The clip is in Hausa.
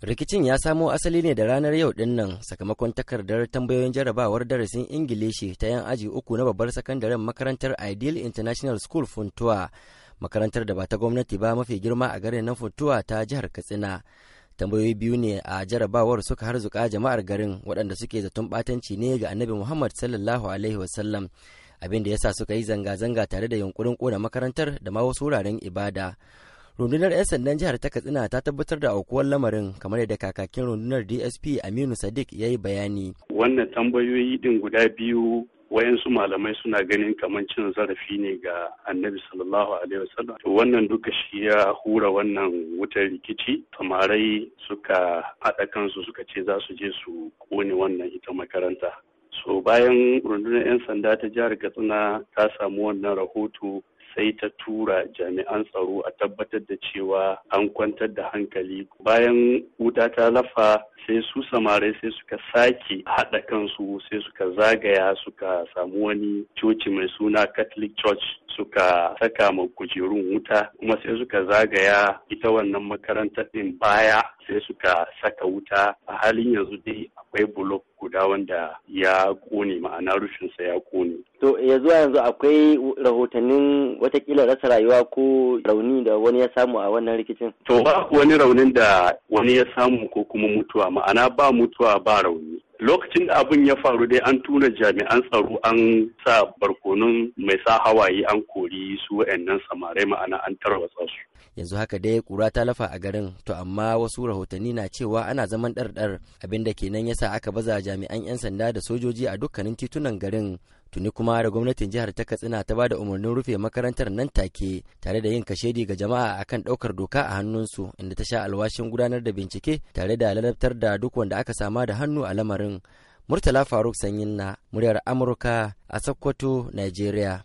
Rikicin ya samo asali ne da ranar yau din nan sakamakon takardar tambayoyin jarabawar darasin Ingilishi ta yan aji uku na babbar sakandaren makarantar Ideal International School Funtua, makarantar da ba ta gwamnati ba mafi girma a garin na Funtua ta jihar Katsina. Tambayoyi biyu ne a jarabawar suka harzuka jama'ar garin waɗanda suke zaton ɓatanci ne ga Annabi Muhammad sallallahu alaihi wasallam. Abin da yasa suka yi zanga-zanga tare da yunkurin ƙona makarantar da ma wasu wuraren ibada. rundunar 'yan sandan jihar ta katsina ta tabbatar da aukuwar lamarin kamar yadda kakakin rundunar dsp aminu sadiq ya yi bayani wannan tambayoyi din guda biyu wayansu malamai suna ganin kamar cin zarafi ne ga annabi sallallahu alaihi wasallam to wannan duka shi ya hura wannan wutar rikici samarai suka haɗa kansu suka ce za su je su kone wannan ita makaranta so bayan rundunar 'yan sanda ta jihar katsina ta samu wannan rahoto sai ta tura jami'an tsaro a tabbatar da cewa an kwantar da hankali bayan wuta ta lafa sai su samarai sai suka sake haɗa kansu sai suka zagaya suka samu wani coci mai suna catholic church suka saka ma kujerun wuta kuma sai suka zagaya ita wannan makarantar ɗin baya sai suka saka wuta a halin yanzu dai akwai bulok guda wanda ya kone ma'ana rufinsa ya kone. To ya zuwa yanzu akwai rahotannin watakila rasa rayuwa ko rauni da wani ya samu a wannan rikicin? To ba wani raunin da wani ya samu ko kuma mutuwa ma'ana ba mutuwa ba rauni. lokacin da abin ya faru dai an tuna jami'an tsaro an sa barkonun mai sa hawaye an kori su wa'annan samarai ma'ana an tarwatsa su yanzu haka dai kura ta lafa a garin to amma wasu rahotanni na cewa ana zaman ɗarɗar abinda kenan yasa aka baza jami'an 'yan sanda da sojoji a dukkanin titunan garin tuni kuma da gwamnatin jihar ta katsina ta bada umarnin rufe makarantar nan take tare da yin kashedi ga jama'a akan ɗaukar doka a hannunsu inda ta sha alwashin gudanar da bincike tare da lalabtar da duk wanda aka sama da hannu a lamarin murtala faruk sanyin na muryar amurka a sokoto nigeria